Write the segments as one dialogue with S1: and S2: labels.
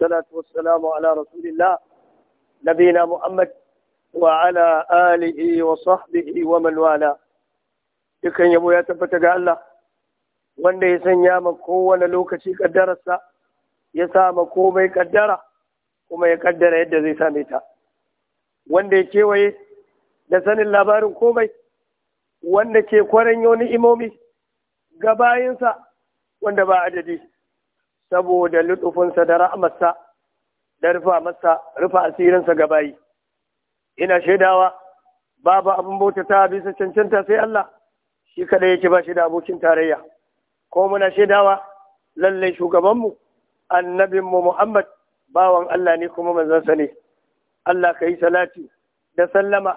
S1: والصلاة والسلام على رسول الله نبينا محمد وعلى آله وصحبه ومن والاه dukan yabo ya tabbata ga Allah wanda ya sanya ma kowane lokaci kaddararsa ya sa ma komai kaddara kuma ya kaddara yadda zai same ta wanda ya kewaye da sanin labarin komai wanda ke kwaranyo ni'imomi ga bayinsa wanda ba adadi saboda lutufinsa da ra'amarsa da rufa masa rufa asirinsa ga bayi ina shaidawa babu abin bauta ta bisa cancanta sai Allah shi kada yake ba shi da abokin tarayya ko muna shaidawa lallai shugabanmu annabinmu Muhammad bawan Allah ne kuma manzansa ne Allah ka yi salati da sallama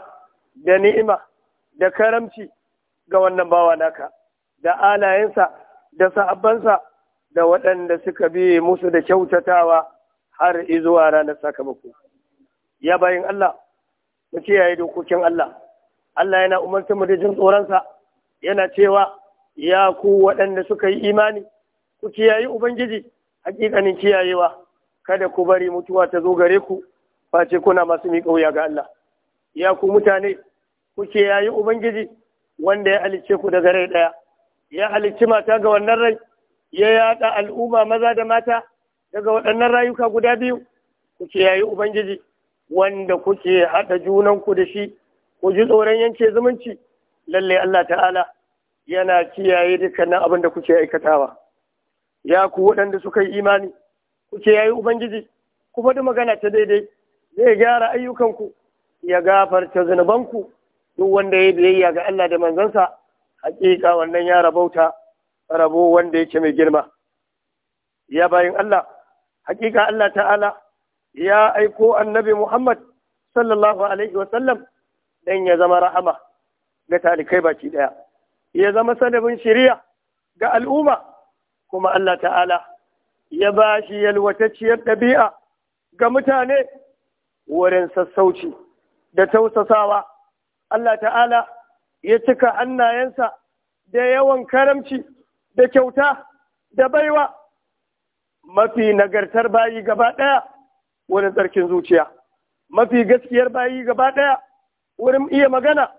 S1: da ni'ima da karamci ga wannan bawa naka da alayensa da sahabbansa da waɗanda suka bi musu da kyautatawa har izuwa ranar sakamako ya bayin Allah mu kiyaye dokokin Allah Allah yana umarta mu da jin tsoronsa yana cewa ya ku waɗanda suka yi imani ku kiyaye ubangiji hakikanin kiyayewa kada ku bari mutuwa ta zo gare ku face kuna masu miƙa wuya ga Allah ya ku mutane ku kiyaye ubangiji wanda ya halicce ku daga rai ɗaya ya halicci mata ga wannan rai ya yaɗa al'umma maza da mata daga waɗannan rayuka guda biyu ku yayi ubangiji wanda kuke haɗa junanku da shi ku ji tsoron yanke zumunci lalle Allah ta'ala yana kiyaye dukkanin abin da kuke aikatawa ya ku waɗanda suka yi imani ku yayi ubangiji ku faɗi magana ta daidai zai gyara ayyukanku ya gafarta zunubanku duk wanda ya biyayya ga Allah da manzansa hakika wannan ya rabauta rabo wanda yake mai girma ya bayin Allah hakika Allah ta'ala ya aiko annabi Muhammad sallallahu alaihi wa sallam, dan ya zama rahama ga talikai baki daya ya zama sanabin shiriya ga al'umma kuma Allah ta'ala ya ba shi yalwatacciyar ɗabi'a ga mutane wurin sassauci da tausasawa Allah ta'ala ya cika hannayensa da yawan karamci da kyauta da baiwa mafi nagartar bayi gaba ɗaya wurin tsarkin zuciya mafi gaskiyar bayi gaba ɗaya wurin iya magana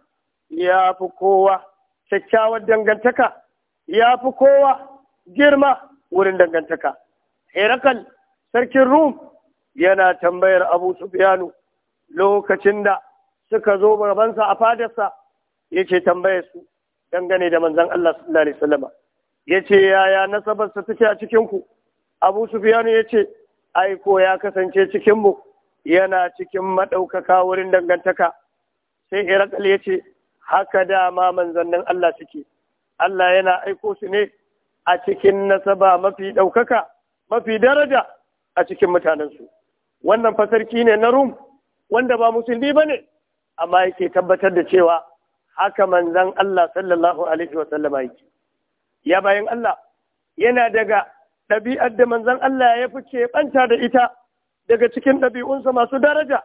S1: ya fi kowa kyakkyawar dangantaka ya fi kowa girma wurin dangantaka herakal sarkin rum yana tambayar abu sufyanu lokacin da suka zo gabansa a fadarsa yake tambayar su dangane da manzan Allah sallallahu alaihi wasallama. ya ce yaya nasabarsa take a cikinku abu sufiyanu ya ce aiko ya kasance cikinmu yana cikin maɗaukaka wurin dangantaka sai irakal ya ce haka dama manzannin Allah suke Allah yana aiko su ne a cikin nasaba mafi ɗaukaka mafi daraja a cikin mutanensu wannan fasarki ne na rum wanda ba musulmi ba ne amma yake tabbatar da cewa haka manzan Allah sallallahu alaihi wasallama yake ya bayan Allah yana daga ɗabi'ar da manzon Allah ya fi ɓanta da ita daga cikin ɗabi'unsa masu daraja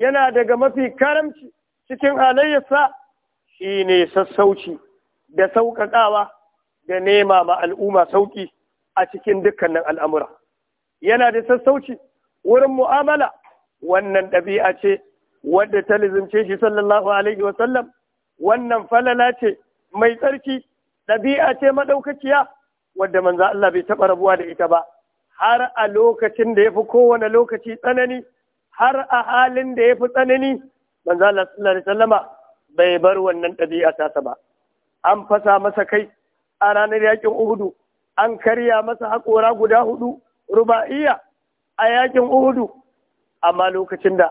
S1: yana daga mafi karamci cikin halayyarsa shi ne sassauci da sauƙaƙawa da nema ma al'umma sauƙi a cikin dukkanin al'amura yana da sassauci wurin mu'amala wannan ɗabi'a ce wadda ta lizimce shi sallallahu alaihi wasallam wannan falala ce mai tsarki ɗabi'a ce maɗaukaciya wadda manzo Allah bai taɓa rabuwa da ita ba har a lokacin da ya fi kowane lokaci tsanani har a halin da ya fi tsanani manzo Allah sallallahu alaihi wasallama bai bar wannan ɗabi'a sa ba an fasa masa kai a ranar yakin Uhudu an karya masa haƙora guda hudu ruba'iya a yaƙin Uhudu amma lokacin da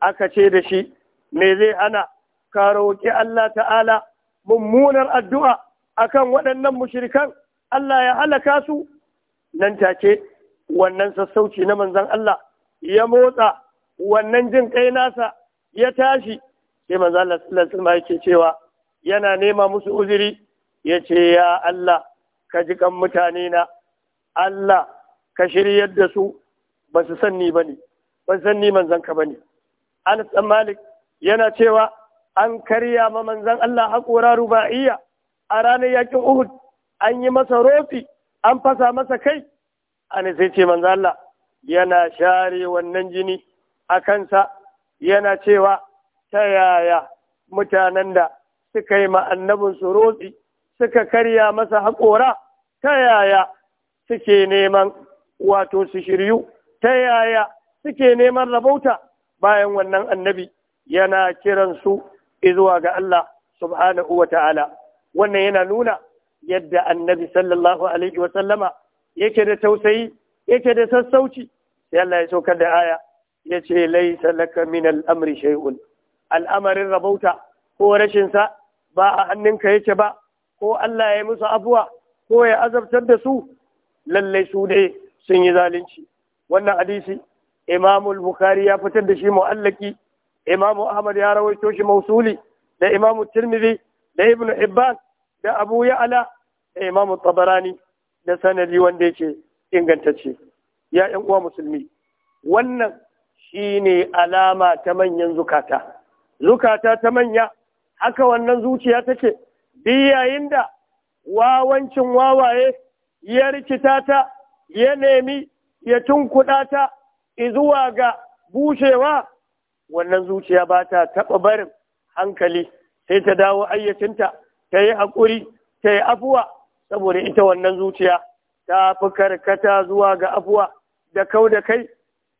S1: aka ce da shi me zai hana ka roƙi Allah ta'ala mummunar addu'a akan waɗannan mushirikan, Allah ya halaka su nan take wannan sassauci na manzan Allah ya motsa wannan jin kai nasa ya tashi sai manzan Allah sallallahu alaihi yake cewa yana nema musu uzuri ce ya Allah ka ji kan mutane na Allah ka shiryar da su ba su sanni bane ban sanni manzan ka bane Anas Malik yana cewa an karya ma manzan Allah haƙora rubaiya a ranar yakin Uhud an yi masa rofi an fasa masa kai an sai ce manzo Allah yana share wannan jini a kansa yana cewa ta yaya mutanen da suka yi ma'annabin su rotsi suka karya masa haƙora ta yaya suke neman wato su shiryu ta yaya suke neman rabauta bayan wannan annabi yana kiransu izuwa ga Allah subhanahu wa ta'ala wannan yana nuna yadda annabi sallallahu alaihi wa sallama yake da tausayi yake da sassauci sai Allah ya saukar da aya ya ce laisa laka min al'amri shay'un al'amarin rabauta ko rashin sa ba a hannunka yake ba ko Allah ya musu abuwa ko ya azabtar da su lallai su ne sun yi zalunci wannan hadisi imamul bukhari ya fitar da shi mu'allaki imamu ahmad ya rawaito shi mausuli da imamu tirmidhi da ibn Hibban da Abu Ya'la da Imam Tabarani da sanadi wanda yake ingantacce ya ƴan uwa musulmi wannan shine alama ta manyan zukata zukata ta manya haka wannan zuciya take biyayin yayin da wawancin wawaye ya rikita ta ya nemi ya tunkuɗa ta izuwa ga bushewa wannan zuciya ba ta taɓa barin hankali sai ta dawo ayyacinta ta yi haƙuri ta yi afuwa saboda ita wannan zuciya ta fi karkata zuwa ga afuwa da kau da kai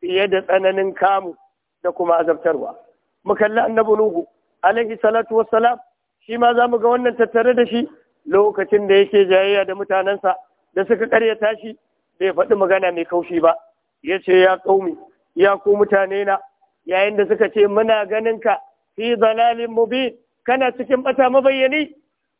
S1: fiye da tsananin kamu da kuma azabtarwa mu kalli annabi nuhu alaihi salatu wassalam shi ma za mu ga wannan tattare da shi lokacin da yake jayayya da mutanensa da suka karya tashi, bai faɗi magana mai kaushi ba ya ce ya ƙaumi ya ku mutane na yayin da suka ce muna ganin ka fi zalalin mubin kana cikin bata mabayyani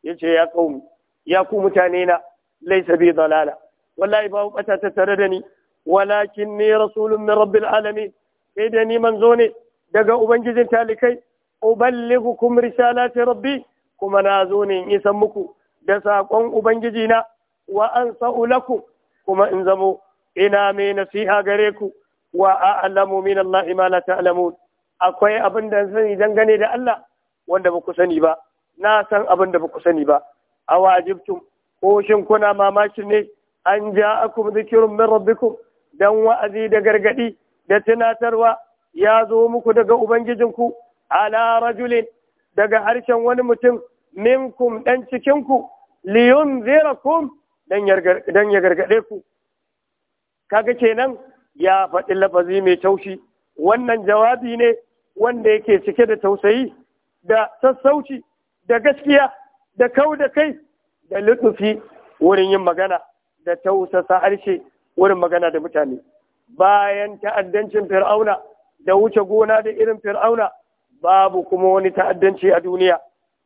S1: yace ya qaumi ya ku mutane na laysa bi dalala wallahi ba bata ta tare da ni walakinni rasulun min rabbil alamin sai da ni manzo ne daga ubangijin talikai uballighukum risalati rabbi kuma na zo ne in isan muku da saƙon ubangiji na wa an sa'ulaku kuma in zamo ina mai nasiha gare ku wa a'lamu min Allah ma la ta'lamun akwai abin da zan dangane da Allah wanda ba ku sani ba na san abin da ba ku sani ba A ajibtum ko shin kuna mamakin ne an ja ja'akum zikirun min rabbikum dan wa'azi da gargadi da tunatarwa ya zo muku daga ubangijinku ala rajulin daga harshen wani mutum minkum dan cikinku liyunzirakum dan ya gargade ku kaga kenan ya faɗi lafazi mai taushi wannan jawabi ne wanda yake cike da tausayi da sassauci da gaskiya da kau da kai da lutufi wurin yin magana da tausasa harshe wurin magana da mutane bayan ta'addancin fir'auna da wuce gona da irin fir'auna babu kuma wani ta'addanci a duniya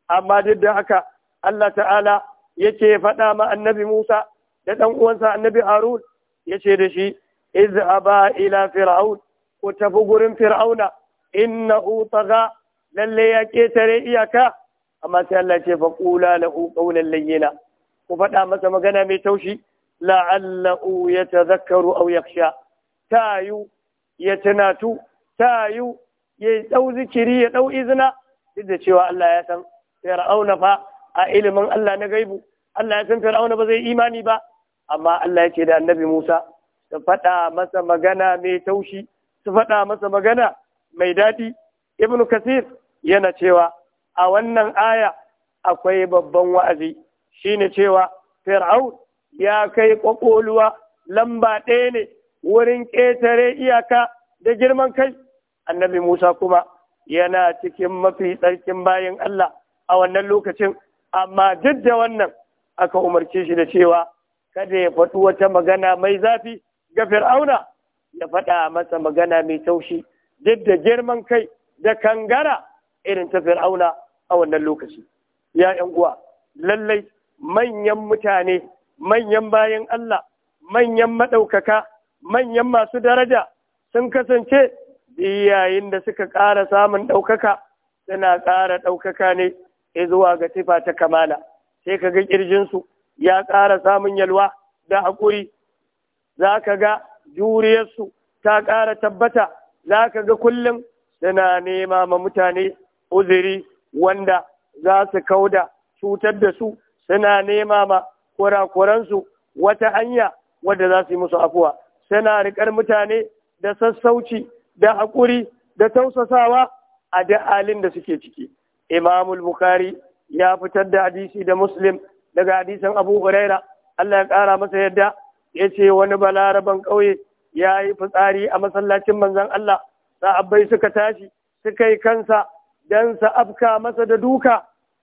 S1: amma duk da haka Allah ta'ala yake faɗa ma annabi Musa da ɗan uwansa annabi Harun yace da shi izhaba ila fir'aun ku tafi gurin fir'auna innahu tagha lalle ya ketare iyaka amma sai Allah ce fa qula lahu qawlan layyina ku faɗa masa magana mai taushi la'allahu yatadhakkaru aw yakhsha tayu ya tunatu tayu ya dau zikiri ya dau izina duk da cewa Allah ya san fir'auna fa a ilimin Allah na gaibu Allah ya san fir'auna ba zai imani ba amma Allah ya ce da annabi Musa su faɗa masa magana mai taushi su faɗa masa magana mai daɗi ibnu kasir yana cewa a wannan aya akwai babban wa'azi Shi ne cewa fir'aun ya kai ƙwaƙoluwa lamba ɗaya ne wurin ƙetare iyaka da girman kai annabi musa kuma yana cikin mafi tsarkin bayan allah a wannan lokacin amma duk da wannan aka umarci shi da cewa kada ya faɗi wata magana mai zafi ga fir'auna ya faɗa masa magana mai taushi duk da girman kai da kangara irin ta fir'auna a wannan lokaci ya yan uwa lallai manyan mutane manyan bayan Allah manyan maɗaukaka manyan masu daraja sun kasance yayin da suka ƙara samun ɗaukaka suna ƙara ɗaukaka ne zuwa ga tifa ta kamala sai ka ga ƙirjinsu ya ƙara samun yalwa da haƙuri za ka ga juriyarsu ta ƙara tabbata za ka ga kullum suna nema ma mutane uzuri wanda za su kauda cutar da su suna nema ma kurakuransu wata hanya wadda za su yi musu afuwa suna riƙar mutane da sassauci da haƙuri da tausasawa a da halin da suke ciki imamul Bukhari ya fitar da hadisi da muslim daga hadisan abu huraira allah ya ƙara masa yadda ya ce wani balaraban ƙauye ya yi fitsari a masallacin manzan allah sa'abbai suka tashi suka yi kansa dan sa afka masa da duka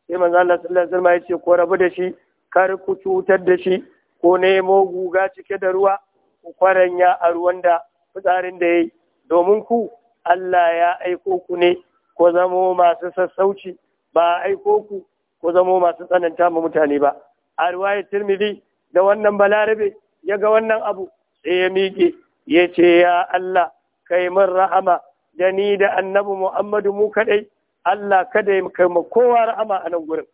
S1: sai manzo Allah sallallahu alaihi wasallam ya ce ko rabu da shi kar ku cutar da shi ko nemo guga cike da ruwa ku kwaranya a ruwan da fitsarin da yayi domin ku Allah ya aiko ku ne ko zamo masu sassauci ba aiko ku ko zamo masu tsananta ma mutane ba a ruwayar Tirmidhi da wannan balarabe ya ga wannan abu sai ya miƙe ya ce ya Allah kai min rahama da ni da annabi Muhammadu mu kaɗai Allah kada ya kai kowa ra'ama a nan gurin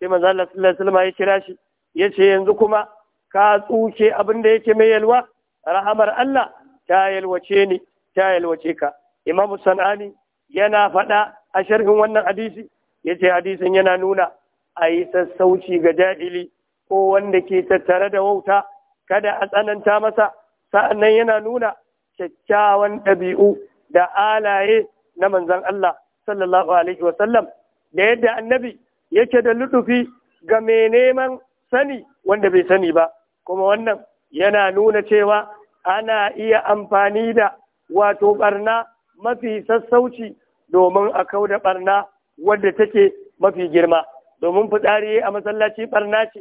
S1: sai manzo Allah sallallahu alaihi wasallam ya kira shi yace yanzu kuma ka tsuke abin da yake mai yalwa rahamar Allah ta yalwace ni ta yalwace ka Imam Sanani yana faɗa a sharhin wannan hadisi yace hadisin yana nuna a yi sassauci ga jahili ko wanda ke tattare da wauta kada a tsananta masa sa'annan yana nuna kyakkyawan ɗabi'u da alaye na manzon Allah sallallahu alaihi wasallam da yadda annabi yake da lutufi ga mai neman sani wanda bai sani ba kuma wannan yana nuna cewa ana iya amfani da wato barna mafi sassauci domin a kau da barna wadda take mafi girma domin fitsari a masallaci barna ce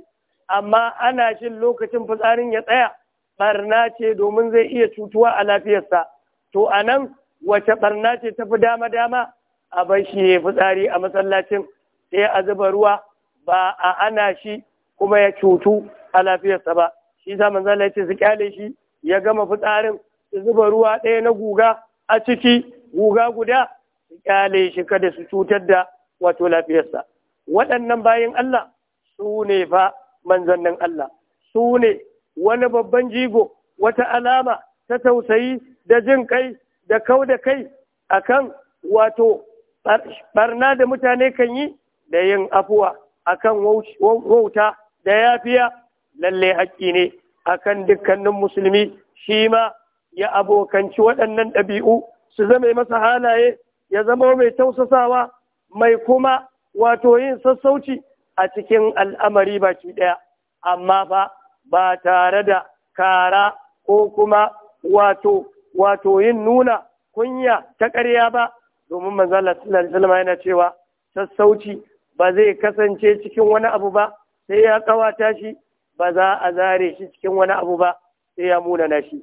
S1: amma ana shin lokacin fitsarin ya tsaya barna ce domin zai iya cutuwa a lafiyarsa to anan wace barna ce tafi dama-dama a bar shi ya fitsari a masallacin sai a zuba ruwa ba a ana shi kuma ya cutu a lafiyarsa ba shi sa manzon ce su kyale shi ya gama fitsarin su zuba ruwa ɗaya na guga a ciki guga guda su kyale shi kada su cutar da wato lafiyarsa waɗannan bayan Allah su ne fa manzannin Allah su ne wani babban jigo wata alama ta tausayi da jin kai da kau da kai akan wato barna da mutane kan yi da yin afuwa akan wauta da yafiya lalle haƙƙi ne akan dukkanin musulmi shi ma ya abokanci waɗannan ɗabi'u su zama masa halaye ya zama mai tausasawa mai kuma wato yin sassauci a cikin al'amari baki ɗaya amma fa ba tare da kara ko kuma wato wato yin nuna kunya ta ƙarya ba domin manzo Allah yana cewa sassauci ba zai kasance cikin wani abu ba sai ya kawata shi ba za a zare shi cikin wani abu ba sai ya munana shi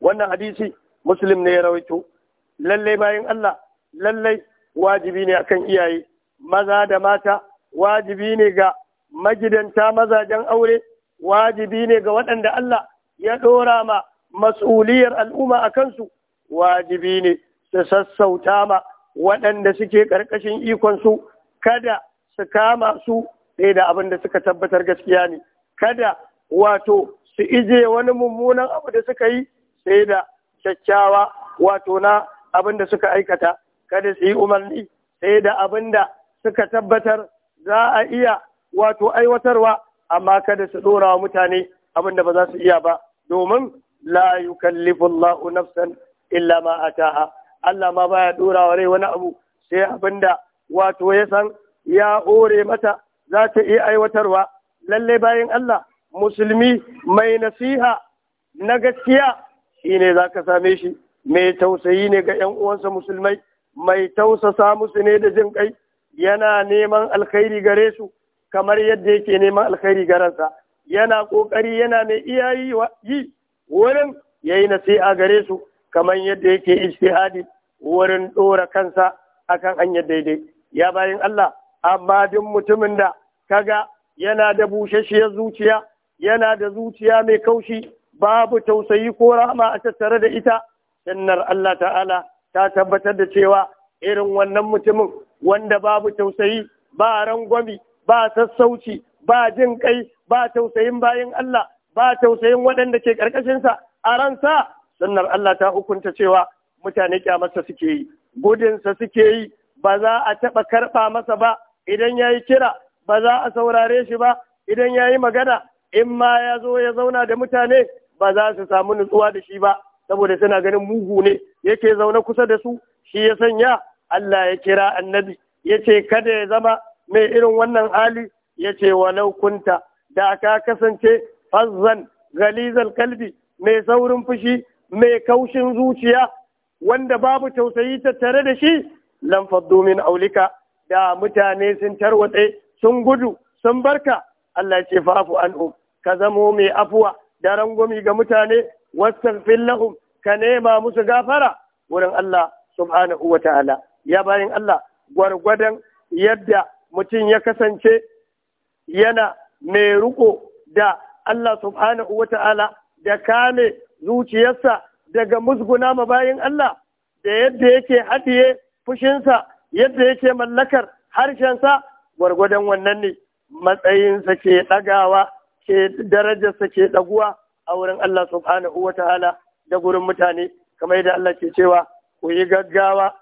S1: wannan hadisi muslim ne ya rawaito lallai bayan Allah lallai wajibi ne akan iyaye maza da mata wajibi ne ga magidanta mazajen aure wajibi ne ga waɗanda Allah ya ɗora ma mas'uliyar al'umma a kansu wajibi ne su sassauta ma waɗanda suke ƙarƙashin ikonsu kada su kama su ɗaya da abin da suka tabbatar gaskiya ne kada wato su ije wani mummunan abu da suka yi sai da kyakkyawa wato na abin da suka aikata kada su yi umarni sai da abin da suka tabbatar za a iya wato aiwatarwa amma kada su ɗora wa mutane abin da ba za su iya ba domin la yukallifu Allahu nafsan illa ma ataha Allah ma baya ɗorawa wa rai wani abu sai abin da wato ya san ya ore mata za ta iya aiwatarwa lalle bayan Allah musulmi mai nasiha na gaskiya shi ne za ka same shi mai tausayi ne ga 'yan uwansa musulmai mai tausasa musu ne da jin kai yana neman alkhairi gare su kamar yadda yake neman alkhairi garansa yana ƙoƙari yana mai iyayi yi wurin ya yi nasiha gare su kamar yadda yake ishtihadi wurin ɗora kansa akan hanyar daidai ya bayan Allah amma duk mutumin da kaga yana da bushashiyar zuciya yana da zuciya mai kaushi babu tausayi ko rahama a tattare da ita sannan Allah ta'ala ta tabbatar da cewa irin wannan mutumin wanda babu tausayi ba rangwami ba sassauci ba jin kai ba tausayin bayan Allah ba tausayin waɗanda ke ƙarƙashinsa a ransa sannan Allah ta hukunta cewa mutane kyamarsa suke yi gudunsa suke yi ba za a taɓa karɓa masa ba idan ya yi kira ba za a saurare shi ba idan ya yi magana in ma ya zo ya zauna da mutane ba za su samu nutsuwa da shi ba saboda suna ganin mugu ne yake zaune kusa da su shi ya sanya Allah ya kira annabi ya ce kada ya zama mai irin wannan hali ya ce wa laukunta da ka kasance fazzan galizal kalbi mai saurin fushi mai kaushin zuciya wanda babu tausayi tattare da shi lan domin aulika da mutane sun tarwatse sun gudu sun barka Allah ce fa'fu anhum ka zamo mai afuwa da rangwami ga mutane wastaghfir lahum ka nema musu gafara wurin Allah subhanahu wa ta'ala ya bayin Allah gwargwadon yadda mutum ya kasance yana mai riko da Allah subhanahu wa ta'ala da kame zuciyarsa daga musguna ma bayan Allah da yadda yake haɗiye fushinsa yadda yake mallakar harshensa gwargwadon wannan ne matsayinsa ke ɗagawa ke darajarsa ke ɗaguwa a wurin Allah subhanahu wa ta'ala da gurin mutane kamar yadda Allah ke cewa ku yi gaggawa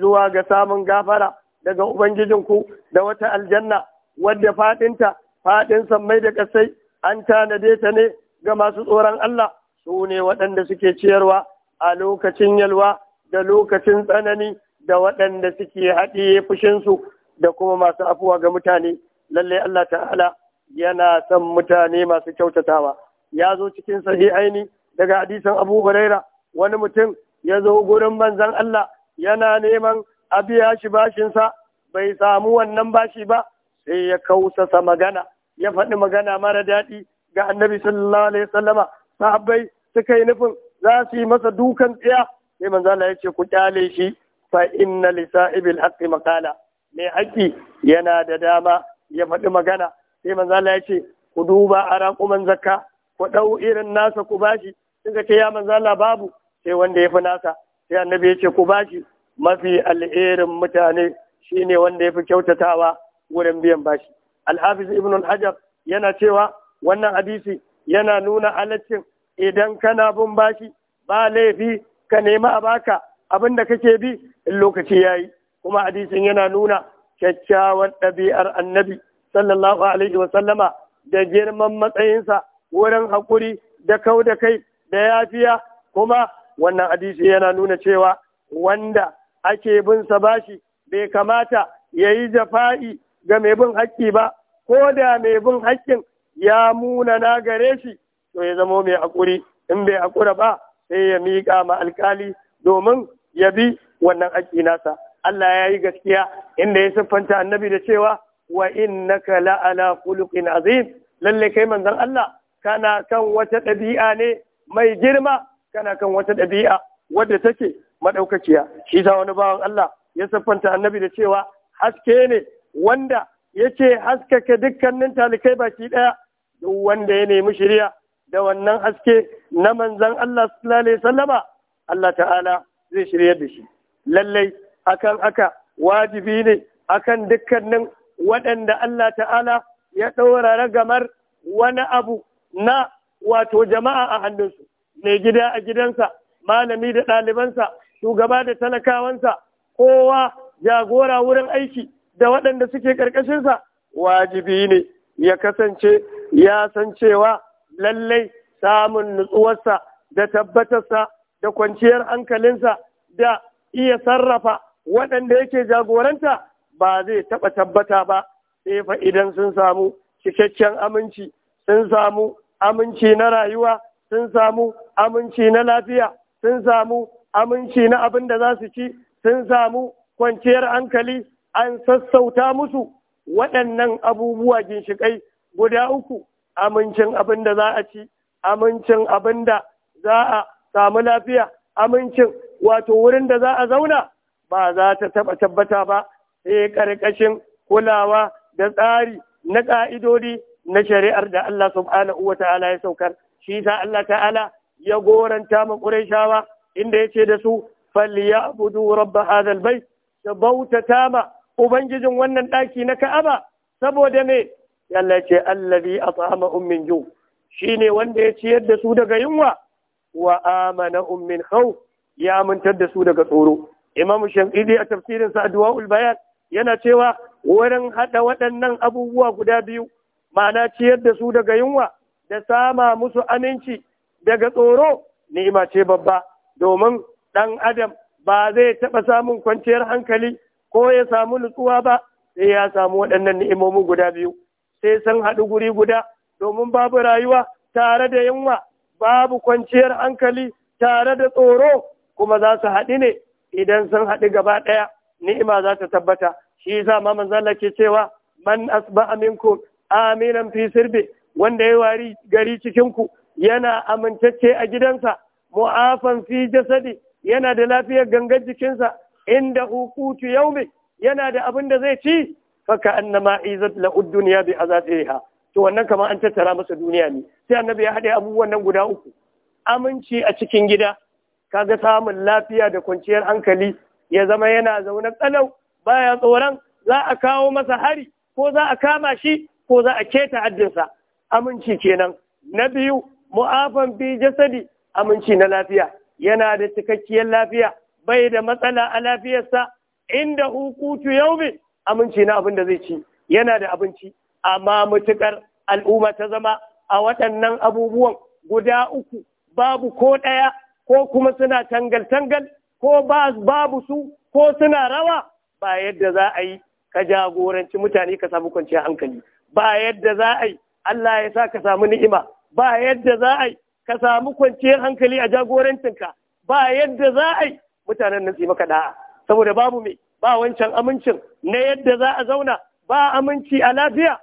S1: zuwa ga samun gafara daga Ubangijinku da wata aljanna wadda faɗinta faɗin mai da sai, an tanade ta ne ga masu tsoron Allah su ne waɗanda suke ciyarwa a lokacin yalwa da lokacin tsanani da waɗanda suke haɗiye fushinsu da kuma masu afuwa ga mutane lallai Allah ta'ala yana son mutane masu kyautatawa ya zo cikin sahihaini daga hadisan Abu Huraira wani mutum ya zo gurin manzon Allah yana neman a biya shi bashinsa bai samu wannan bashi ba sai ya kausasa magana ya faɗi magana mara daɗi ga annabi sallallahu alaihi wasallama sahabbai suka yi nufin za su yi masa dukan tsiya sai manzo Allah ya ce ku kyale shi fa inna li sa'ibil haqqi maqala mai haƙi yana da dama ya faɗi magana sai manzo Allah ya ce ku duba a raƙuman zakka ku ɗau irin nasa ku bashi ka ce ya manzo Allah babu sai wanda ya fi nasa sai annabi ya ce ku bashi mafi al'irin mutane shine wanda ya fi kyautatawa wurin biyan bashi al-hafiz ibn al-hajar yana cewa wannan hadisi yana nuna halaccin idan kana bin bashi ba laifi ka nemi a baka abin da kake bi in lokaci ya yi. kuma hadisin yana nuna kyakkyawan ɗabi'ar annabi sallallahu alaihi wa sallama da girman matsayinsa wurin haƙuri da kau da kai da yafiya kuma wannan hadisi yana nuna cewa wanda ake bin sa bashi bai kamata ya yi jafa'i ga mai bin haƙƙi ba ko da mai bin haƙƙin ya muna na gare shi to ya zamo mai hakuri in bai hakura ba sai ya miƙa ma alkali domin ya bi wannan aiki nasa Allah ya yi gaskiya inda ya siffanta annabi da cewa wa innaka ala khuluqin azim lalle kai manzan Allah kana kan wata ɗabi'a ne mai girma kana kan wata ɗabi'a wadda take madaukakiya shi sa wani bawan Allah ya siffanta annabi da cewa haske ne wanda yake haskaka dukkanin talikai baki ɗaya duk wanda ya nemi shirya da wannan haske na manzan Allah sallallahu alaihi sallama Allah ta'ala zai shirya da shi lallai akan aka wajibi ne akan dukkanin waɗanda Allah ta'ala ya ɗora ragamar wani abu na wato jama'a a hannunsu mai gida a gidansa malami da ɗalibansa shugaba da talakawansa kowa jagora wurin aiki da waɗanda suke ƙarƙashinsa wajibi ne ya kasance ya san cewa lallai samun nutsuwarsa da tabbatarsa da kwanciyar hankalinsa da iya sarrafa waɗanda yake jagoranta ba zai taɓa tabbata ba sai fa idan sun samu cikakken aminci sun samu aminci na rayuwa sun samu aminci na lafiya sun samu aminci na abin da za su ci sun samu kwanciyar hankali an sassauta musu waɗannan abubuwa ginshiƙai guda uku amincin abin da za a ci amincin abin da za a samu lafiya amincin wato wurin da za a zauna ba za ta taba tabbata ba sai ƙarƙashin kulawa da tsari na ƙa'idodi na shari'ar da Allah subhanahu wa ta'ala ya saukar shi sa Allah ta'ala ya goranta ma Qurayshawa inda yace da su falyabudu rabb hadha albayt ta bautata ma ubangijin wannan ɗaki na Ka'aba saboda me Allah ya ce allazi at'amahum min ju shine wanda ya ciyar da su daga yunwa wa amana um min khaw ya amintar da su daga tsoro imamu shafi'i a tafsirin sa adwaul bayan yana cewa wurin hada waɗannan abubuwa guda biyu ma'ana ciyar da su daga yunwa da sama musu aminci daga tsoro ni'ima ce babba domin ɗan adam ba zai taɓa samun kwanciyar hankali ko ya samu nutsuwa ba sai ya samu waɗannan ni'imomi guda biyu sai sun haɗu guri guda domin babu rayuwa tare da yunwa babu kwanciyar hankali tare da tsoro kuma za su haɗu ne idan sun haɗu gaba ɗaya ni'ima za ta tabbata shi yasa ma manzo ke cewa man asba minkum aminan fi sirbi wanda ya wari gari cikin ku yana amintacce a gidansa mu'afan fi jasadi yana da lafiyar gangar jikinsa inda hukutu yaumi yana da abin da zai ci faka annama izat la ad-dunya bi azatiha to wannan kamar an tattara masa duniya ne sai annabi ya haɗe abubuwan nan guda uku aminci a cikin gida kaga samun lafiya da kwanciyar hankali ya zama yana zaune tsalau. baya tsoron za a kawo masa hari ko za a kama shi ko za a keta addinsa aminci kenan na biyu mu'afan bi jasadi aminci na lafiya yana da cikakkiyar lafiya bai da matsala a lafiyarsa inda hukutu yaumi aminci na abin da zai ci yana da abinci amma mutukar al'umma ta zama a waɗannan abubuwan guda uku babu ko ɗaya ko kuma suna tangal-tangal ko babu su ko suna rawa ba yadda za a yi ka jagoranci mutane ka samu kwanciyar hankali ba yadda za a yi Allah ya sa ka samu ni'ima ba yadda za a yi ka samu kwanciyar hankali a jagorancinka ba yadda za a yi mutanen nan su maka da'a saboda babu mai ba wancan amincin na yadda za a zauna ba aminci a lafiya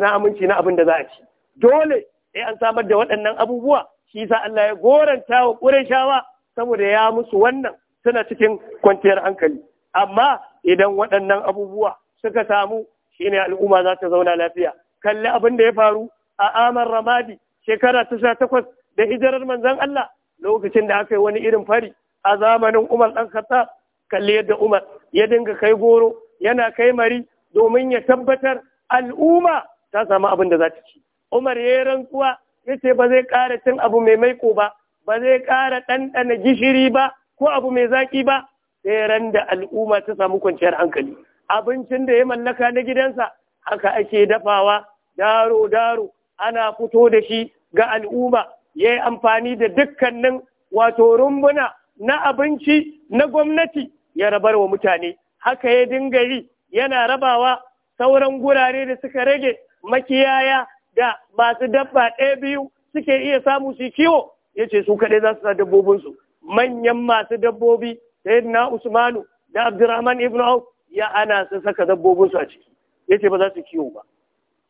S1: na aminci na abin da za a ci dole sai an samar da waɗannan abubuwa shi sa Allah ya goranta wa Qurayshawa saboda ya musu wannan suna cikin kwanciyar hankali amma idan waɗannan abubuwa suka samu shine al'umma za ta zauna lafiya kalli abin da ya faru a amar ramadi shekara ta takwas da hijirar manzon Allah lokacin da aka yi wani irin fari a zamanin Umar ɗan Khattab kalli yadda Umar ya dinga kai goro yana kai mari domin ya tabbatar al'umma ta samu abin da za ta ci umar ya yi rantsuwa ya ce ba zai ƙara cin abu mai maiko ba ba zai ƙara ɗanɗana gishiri ba ko abu mai zaƙi ba sai ran da al'umma ta samu kwanciyar hankali abincin da ya mallaka na gidansa haka ake dafawa daro daro ana fito da shi ga al'umma ya yi amfani da dukkanin wato rumbuna na abinci na gwamnati ya rabar wa mutane haka ya dinga yi yana rabawa sauran gurare da suka rage makiyaya da masu dabba ɗaya biyu suke iya samu su kiwo ya ce su kaɗai za su sa dabbobinsu manyan masu dabbobi sayyidina usmanu da abdurrahman ibn auf ya ana su saka dabbobinsu a ciki ya ce ba za su kiwo ba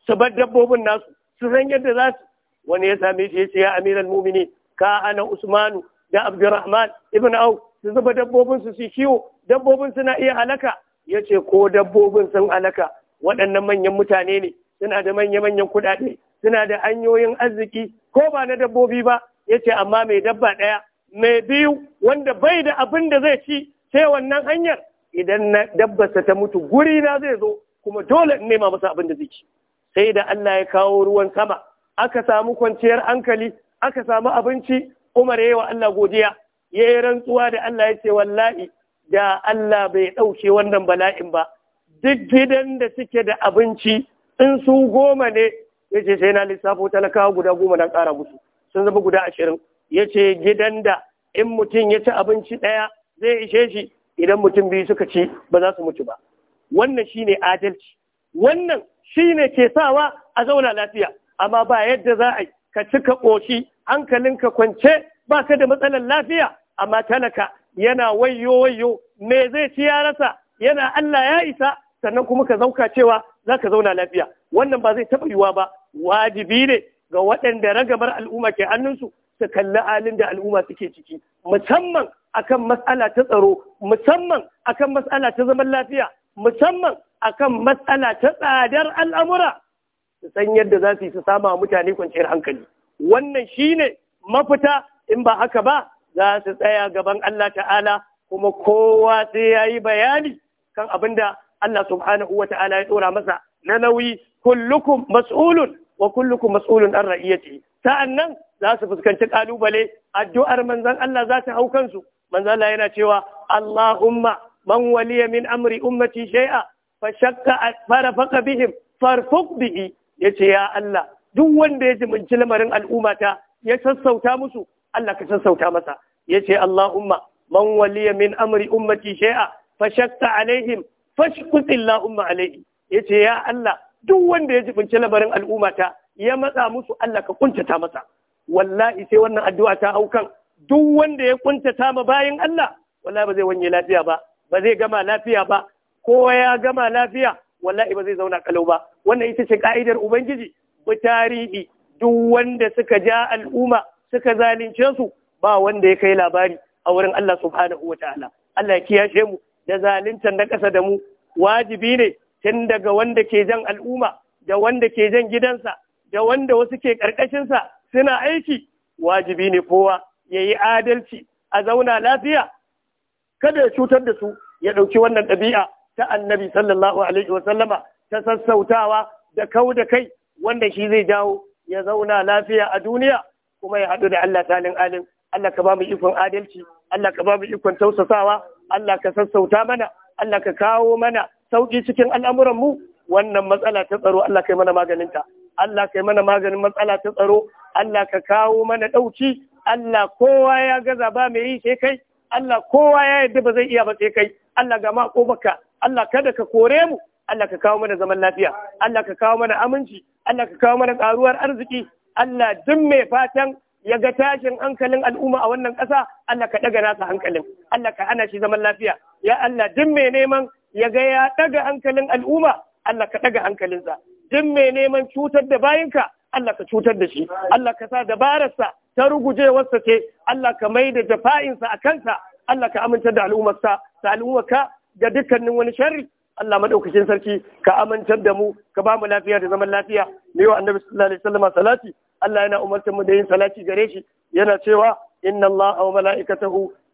S1: su bar dabbobin nasu su san yadda za su wani ya same shi ya ce ya amiral mumini ka ana usmanu da abdurrahman ibn auf su zuba dabbobinsu su kiwo dabbobin suna iya halaka ya ce ko dabbobin sun halaka waɗannan manyan mutane ne suna da manya-manyan kuɗaɗe suna da hanyoyin arziki ko ba na dabbobi ba ya ce amma mai dabba ɗaya mai biyu wanda bai da abin da zai ci sai wannan hanyar idan na dabbarsa ta mutu guri na zai zo kuma dole in nema masa abin da zai ci sai da Allah ya kawo ruwan sama aka samu kwanciyar hankali aka samu abinci Umar yayi wa Allah godiya yayi rantsuwa da Allah ya ce wallahi da Allah bai ɗauke wannan bala'in ba duk gidan da suke da abinci in su goma ne ya ce sai na lissafo talakawa guda goma na ƙara musu sun zama guda ashirin ya ce gidan da in mutum ya ci abinci ɗaya zai ishe shi idan mutum biyu suka ci ba za su mutu ba wannan shine adalci wannan shi ne ke sawa a zauna lafiya amma ba yadda za a yi ka cika ƙoshi hankalinka kwance ba ka da matsalar lafiya amma talaka yana wayyo wayyo me zai ci ya rasa yana Allah ya isa sannan kuma ka zauka cewa za ka zauna lafiya wannan ba zai taɓa yiwuwa ba wajibi ne ga waɗanda ragabar al'umma ke hannunsu su kalli halin da al'umma suke ciki musamman akan matsala ta tsaro musamman akan matsala ta zaman lafiya musamman akan matsala ta tsadar al'amura su san yadda za su yi su sama mutane kwanciyar hankali wannan shine mafita in ba haka ba za su tsaya gaban Allah ta'ala kuma kowa sai ya yi bayani kan abin da Allah subhanahu wa ta'ala ya ɗora masa na nauyi kullukum mas'ulun wa kullukum mas'ulun an ra'iyati sa'annan za su fuskanci kalubale addu'ar manzon Allah za ta hau kansu manzon Allah yana cewa Allahumma man waliya min amri ummati shay'a fa shakka farafaka bihim farfuk bihi yace ya Allah duk wanda ya jiminci lamarin al'ummata ya sassauta musu Allah ka sassauta masa ce Allahumma man waliya min amri ummati shay'a fashakka alaihim fashkut Allahumma alaihi yace ya Allah duk wanda ya jibinci labarin al'ummata ya matsa musu Allah ka kuntata masa wallahi sai wannan addu'a ta aukan duk wanda ya kuntata ma bayin Allah wallahi ba zai wanye lafiya ba ba zai gama lafiya ba kowa ya gama lafiya wallahi ba zai zauna kalau ba wannan ita ce ka'idar ubangiji bitarihi duk wanda suka ja al'umma suka zalunce su ba wanda ya kai labari a wurin Allah subhanahu wa ta'ala Allah ya kiyashe mu da zaluntar na ƙasa da mu wajibi ne tun daga wanda ke jan al'umma da wanda ke jan gidansa da wanda wasu ke ƙarƙashinsa suna aiki wajibi ne kowa ya yi adalci a zauna lafiya kada ya cutar da su ya ɗauki wannan ɗabi'a ta annabi sallallahu alaihi wa sallama ta sassautawa da kau da kai wanda shi zai jawo ya zauna lafiya a duniya kuma ya haɗu da Allah salin alim Allah ka ba mu ikon adalci Allah ka ba mu ikon tausasawa Allah ka sassauta mana Allah ka kawo mana sauki cikin al'amuran mu wannan matsala ta tsaro Allah kai mana maganinta Allah kai mana maganin matsala ta tsaro Allah ka kawo mana ɗauki Allah kowa ya gaza ba mai yi sai kai Allah kowa ya yadda ba zai iya ba sai kai Allah ga ma baka Allah kada ka kore mu Allah ka kawo mana zaman lafiya Allah ka kawo mana aminci Allah ka kawo mana ƙaruwar arziki Allah duk mai fatan ya ga tashin hankalin al'umma a wannan ƙasa Allah ka ɗaga nasa hankalin Allah ka hana shi zaman lafiya ya Allah duk mai neman ya ga ya ɗaga hankalin al'umma Allah ka ɗaga hankalinsa duk mai neman cutar da bayinka Allah ka cutar da shi Allah ka sa dabararsa ta rugujewarsa ce Allah ka mai da jafa'insa a kansa Allah ka aminta da al'ummarsa da al'ummarka da dukkanin wani sharri Allah madaukakin sarki ka amintar da mu ka ba mu lafiya da zaman lafiya ne wa annabi sallallahu alaihi wasallam salati الله أنا أمرت مدين صلاة yin salati gare shi yana cewa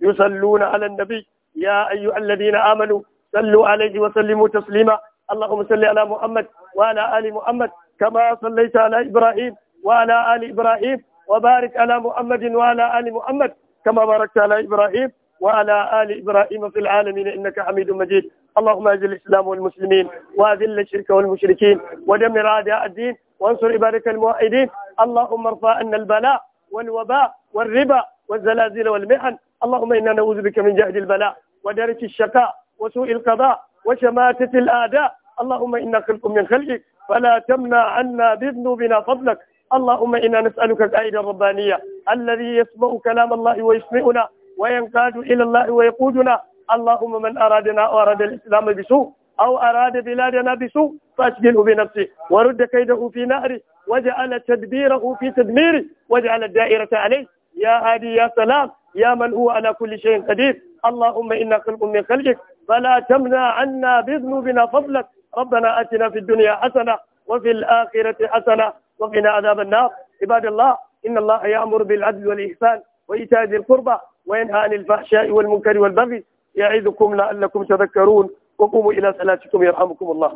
S1: يصلون على النبي يا أيها الذين آمنوا صلوا عليه وسلموا تسليما اللهم صل على محمد وعلى آل محمد كما صليت على إبراهيم وعلى آل إبراهيم وبارك على محمد وعلى آل محمد كما باركت على إبراهيم وعلى آل إبراهيم في العالمين إنك حميد مجيد اللهم أجل الإسلام والمسلمين وأذل الشرك والمشركين ودمر أعداء الدين وانصر عبادك الموحدين اللهم ارفع عنا البلاء والوباء والربا والزلازل والمحن اللهم إنا نعوذ بك من جهد البلاء ودرك الشقاء وسوء القضاء وشماتة الآداء اللهم إنا خلق من خلقك فلا تمنع عنا بذنوبنا فضلك اللهم إنا نسألك الأيد الربانية الذي يسمع كلام الله ويسمعنا وينقاد إلى الله ويقودنا اللهم من أرادنا وأراد الإسلام بسوء أو أراد بلادنا بسوء فأشغله بنفسه ورد كيده في نهره وجعل تدبيره في تدميره وجعل الدائرة عليه يا هادي يا سلام يا من هو على كل شيء قدير اللهم إنا خلق من خلقك فلا تمنع عنا بذنوبنا فضلك ربنا آتنا في الدنيا حسنة وفي الآخرة حسنة وقنا عذاب النار عباد الله إن الله يأمر بالعدل والإحسان وإيتاء ذي القربى وينهى عن الفحشاء والمنكر والبغي يعظكم لعلكم تذكرون wa qumu ila salatikum yarhamukumullah